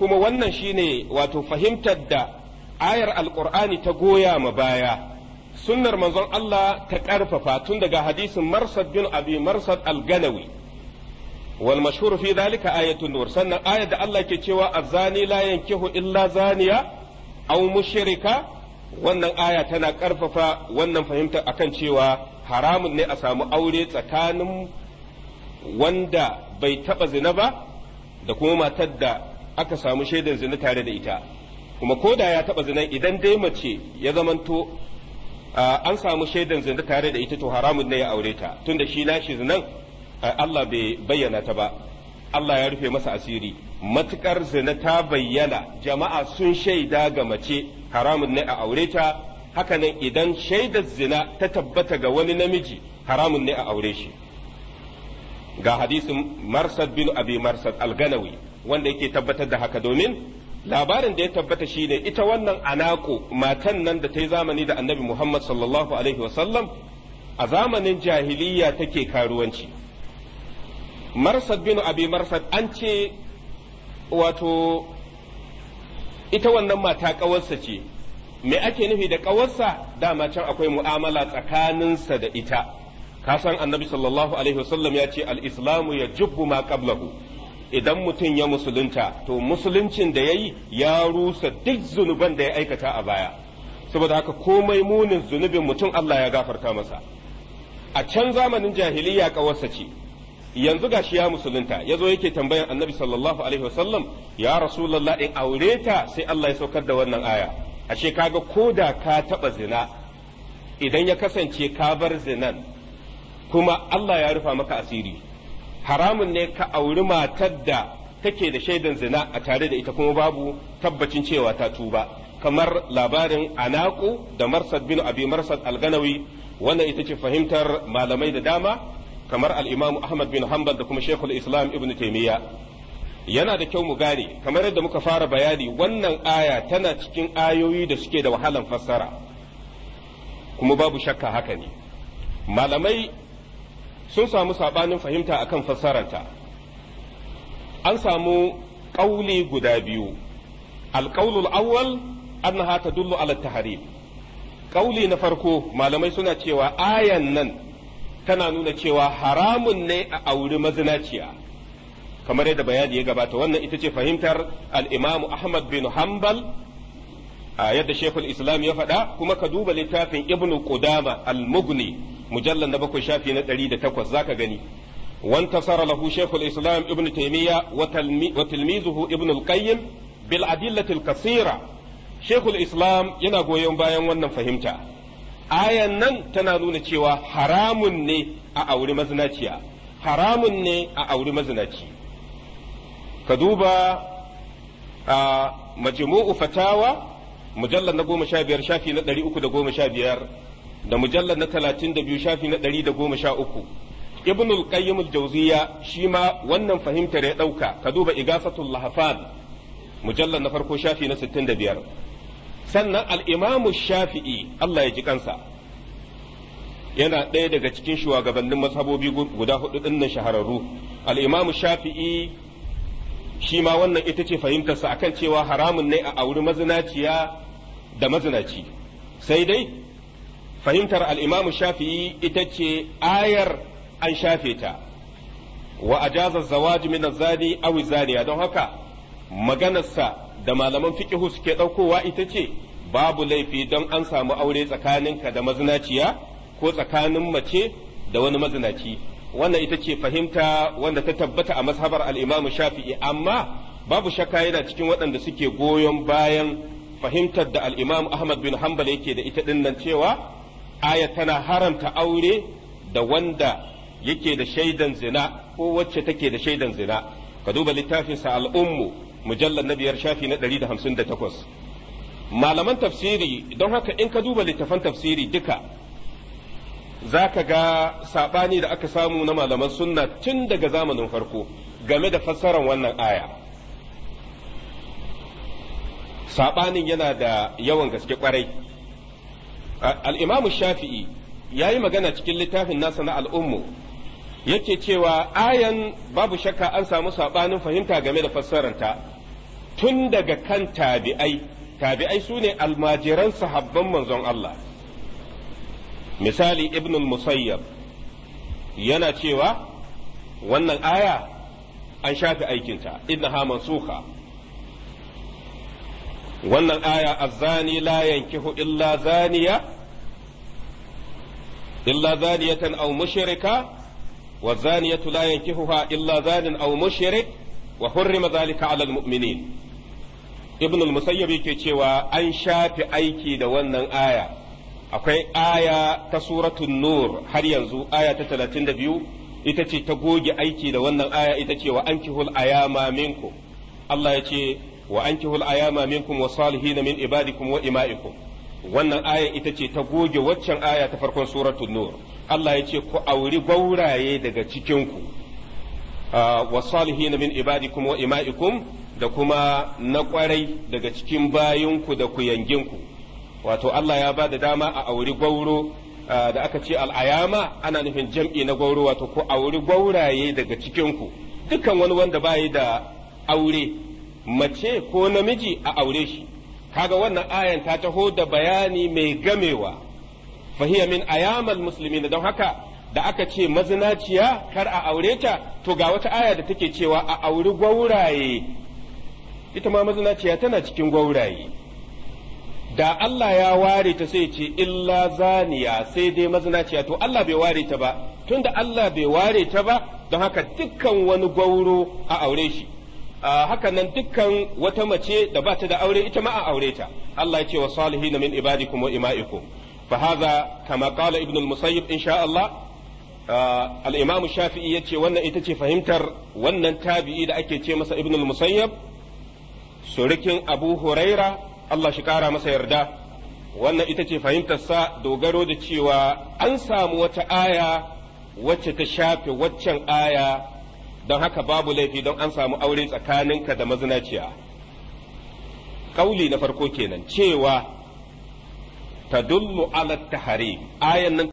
kuma wannan shine wato fahimtar da ayar alqur'ani ta goya ma baya sunnar manzon Allah ta ƙarfafa tun daga hadisin Marsad bin Abi Marsad al-Ganawi wal mashhur fi dhalika ayatun nur sannan ayar da Allah ke cewa azani la yankihu illa zaniya aw mushrika wannan aya tana ƙarfafa wannan fahimta akan cewa haramun ne a samu aure tsakanin wanda bai taba zina ba da kuma matar da aka samu shaidan zina tare da ita kuma ko da ya taba zina idan dai mace ya zamanto an samu shaidan zina tare da ita to haramun ne ya aure ta tunda shi shi zinan Allah bai bayyana ta ba Allah ya rufe masa asiri matukar zina ta bayyana jama'a sun shaida ga mace haramun ne a aure ta hakanan idan shaidar zina ta tabbata ga wani namiji haramun ne a aure shi ga hadisin marsad bin abi marsad al-ganawi wanda yake tabbatar da haka domin labarin da ya tabbata shine ita wannan anako matan nan da ta yi zamani da annabi muhammad sallallahu alaihi wasallam a zamanin jahiliya take karuwanci marsad bin abi marsad an ce wato ita wannan mata ƙawarsa ce me ake nufi da ƙawarsa dama can akwai mu'amala tsakaninsa da ita ka san annabi sallallahu alaihi wasallam ya ce al-islamu ya jubbu ma qablahu idan mutum ya musulunta to musuluncin da yayi ya rusa duk zunuban da ya aikata a baya saboda haka komai munin zunubin mutum Allah ya gafarta masa a can zamanin jahiliya kawarsa ce yanzu gashi ya musulunta yazo yake tambayan annabi sallallahu alaihi wasallam ya rasulullah in Aureta. sai Allah ya saukar da wannan aya ashe kaga koda ka taba zina idan ya kasance ka bar zinan kuma Allah ya rufa maka asiri haramun ne ka auri matar da take da shaidan zina a tare da ita kuma babu tabbacin cewa ta tuba kamar labarin anaku da marsad bin abi marsad alganawi wannan ita ce fahimtar malamai da dama kamar al-imamu ahmad bin hanbal da kuma shekul islam ibn taimiyya yana da kyau mu gane kamar yadda muka fara bayani wannan aya tana cikin ayoyi da suke da wahalan fassara kuma babu shakka haka ne malamai sun samu sabanin fahimta akan fassararta an samu ƙauli guda biyu alƙaulul awwal annaha tadullu ala taharib ƙauli na farko malamai suna cewa ayan nan tana nuna cewa haramun ne a auri mazinaciya kamar yadda bayani ya gabata wannan ita ce fahimtar al-imamu ahmad bin hanbal a yadda shekul islam ya faɗa kuma ka duba littafin ibnu qudama al-mughni mujallar na bakwai shafi na ɗari da takwas zaka gani وانتصر له شيخ الإسلام ابن تيمية وتلميذه ابن القيم بالأدلة القصيرة شيخ الإسلام yana goyon bayan wannan fahimta ayan nan tana nuna cewa haramun ne a auri mazinaciya haramun ne a auri mazinaci ka duba a majmu'u fatawa mujallar na goma sha biyar shafi na ɗari uku da goma sha biyar da mujallar na talatin da biyu shafi na ɗari da goma sha uku ibn al-qayyim al-jawziya shi ma wannan fahimtar ya ɗauka ka duba igasatul lahafan mujallar na farko shafi na sittin da biyar sannan al-imam shafi'i Allah ya ji kansa yana ɗaya daga cikin shugabannin mazhabobi guda hudu ɗin nan shahararru al-imam shafi'i shi ma wannan ita ce fahimtarsa akan cewa haramun ne a auri mazinaciya da mazinaci sai dai fahimtar al'imamu shafi'i ita ce ayar an shafe ta wa ajazar zawaji min zani awi zaniya don haka maganarsa da malaman fikihu suke ɗaukowa ita ce babu laifi don an samu aure tsakaninka da mazinaciya ko tsakanin mace da wani mazinaci wannan ita ce fahimta wanda ta tabbata a mashabar al'imamu shafi'i amma babu shakka yana cikin waɗanda suke goyon bayan fahimtar da al'imam Ahmad bin Hanbal yake da ita ɗinnan cewa aya tana haramta aure da wanda yake da shaidan zina ko wacce take da shaidan zina ka duba littafinsa al'ummu mujallar na biyar shafi na 158 malaman tafsiri don haka in ka duba littafan tafsiri duka za ka ga saɓani da aka samu na malaman sunna tun daga zamanin farko game da fassarar wannan aya saɓanin yana da yawan gaske kwarai al-imamu shafi'i yi magana cikin littafin nasa na al'ummu yake cewa ayan babu shakka an samu saɓanin fahimta game da fassararta tun daga kan tabi'ai tabi'ai su ne almajiran sahabban manzon Allah misali ibn musayyab yana cewa wannan aya an shafi aikinta innaha suka. wannan aya azzani la yankihu illa zaniya illa zaniyatan aw mushrika wa zaniyatu la yankihuha illa zanin aw mushrik wa hurrima zalika ala almu'minin ibn al-musayyib yake cewa an shafi aiki da wannan aya akwai aya ta suratul nur har yanzu aya ta 32 ita ce ta goge aiki da wannan aya ita ce wa ankihul ayama minkum Allah ya ce wa ankihul ayama minkum wa salihin min ibadikum wa ima'ikum wannan aya ita ce ta goge waccan aya ta farkon suratul nur Allah ya ce ku auri gauraye daga cikinku wa salihin min ibadikum wa ima'ikum da kuma na kwarai daga cikin bayinku da kuyanginku wato Allah ya ba da dama a auri gauro da aka ce al'ayama ana nufin jam'i na gauro wato ku auri gauraye daga cikinku dukan wani wanda bayi da aure mace ko namiji a aure shi kaga wannan ayan ta taho da bayani mai gamewa fahiya min ayamal muslimina don haka da aka ce mazinaciya kar a aure ta to ga wata aya da take cewa a auri gwauraye ita ma mazinaciya tana cikin gwauraye da Allah ya ware ta sai ce illa zaniya sai dai mazinaciya to Allah bai ware ta ba tunda Allah bai ware ta ba don haka dukkan wani gwauro a aure shi haka nan dukkan wata mace da ba ta da aure ita ma a aure ta Allah ya ce wa salihin min ibadikum wa imaikum fa hadha kama qala ibn al-musayyib insha Allah al-imam shafi'i yace wannan ita ce fahimtar wannan tabi'i da ake ce masa ibn al-musayyib surikin abu huraira Allah shi kara masa yarda wannan ita ce fahimtarsa dogaro da cewa an samu wata aya wacce ta shafe waccan aya don haka babu laifi don an samu aure tsakaninka da mazinaciya kauli na farko kenan cewa ta dullu ala tahrim ayan nan